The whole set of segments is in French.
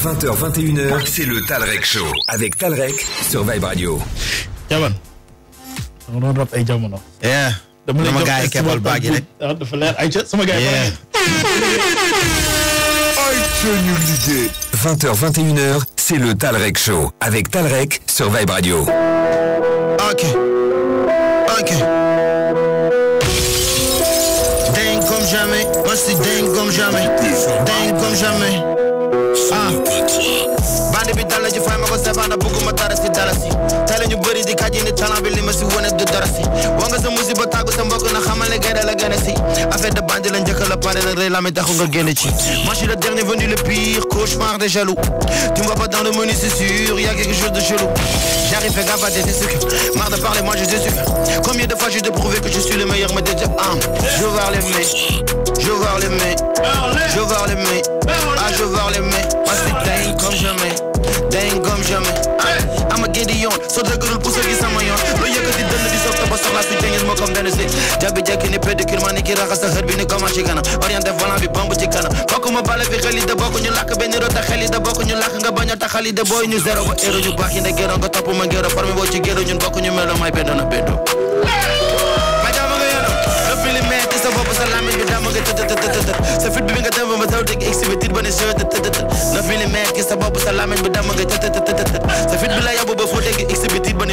20h21h, c'est le Talrec Show. Avec Talrec sur Vibe Radio. 20h 21h, c'est le Talrec Show. Avec Talrec sur Vibe Radio. Ok. Ok. Dingue comme jamais. Moi, c'est dingue comme jamais. Dingue comme jamais. faana bëgguma dara si dara si tale ñu bëri di kaji ni talent bi li ma si woné du darasi wanga wa nga sa musiba tàggu sa mbokk na xamal ne gerte la gën si affaire de bandi la njëkk la pare nag rëy la mi taxu nga génn ci moi je suis le dernier venu le pire cauchemar des jaloux tu me vois pas dans le menu c'est sûr y a quelque chose de chelou j'arrive fais gaffe à tes sucres marre de parler moi je suis sûr combien de fois j'ai de prouver que je suis le meilleur mais déjà ah, je veux voir les mains je veux voir les mains je veux voir les mains ah je veux voir les mains di yoon soo dëgërul puusal gi sama yoon loo yëkkati dënn di soog ba soxla su jëngeen moo comme benn si jabbi ni pédicure maa ni ki bi ni commence ci bi bambu ci kanam bokk bale fi xel yi da bokk ñu làkk benn rot a xel yi da nga bañ a taxal yi da booy ñu zéro ba éro ñu ne nga melo na benn sa lamin bi dama nga tëtë tëtë tëtë sa fit bi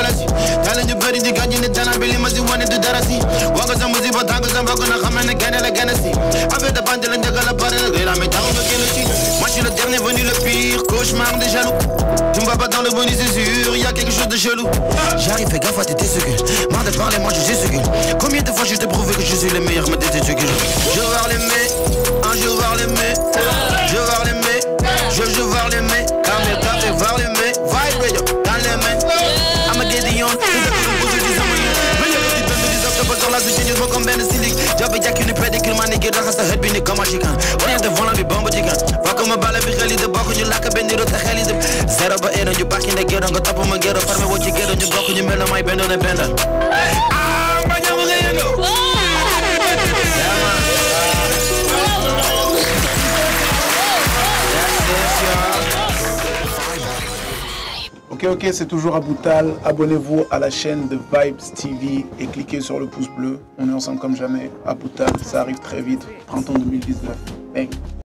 galaxy Telling you buddy, you got you in the I really must you darasi to that I see Walk on some music, but talk on some rock on a hammer and again and again I la part et la gueule, mais t'as remarqué le shit Moi je le dernier venu, le pire cauchemar des jaloux Tu me pas dans le bonus, c'est sûr, y'a quelque chose de chelou J'arrive, fais gaffe à tes testicules Marre de parler, moi je suis ce que Combien de fois je te prouvé que je suis le meilleur, mais t'es ce que Jobby Jack in de pedicure, maar nigga, dan gaan ze het binnen, kom als je de volgende weer bomben, je kan. Wakker mijn ballen, wie gelie de bokken, je lakken, ben die rotte gelie de. Zero beëren, je bak in de ghetto, gaat op mijn ghetto. Farmen, wat je ghetto, je blokken, je melden, maar ik ben dan Ok, ok, c'est toujours à boutal Abonnez-vous à la chaîne de Vibes TV et cliquez sur le pouce bleu. On est ensemble comme jamais. à boutal ça arrive très vite. Printemps 2019.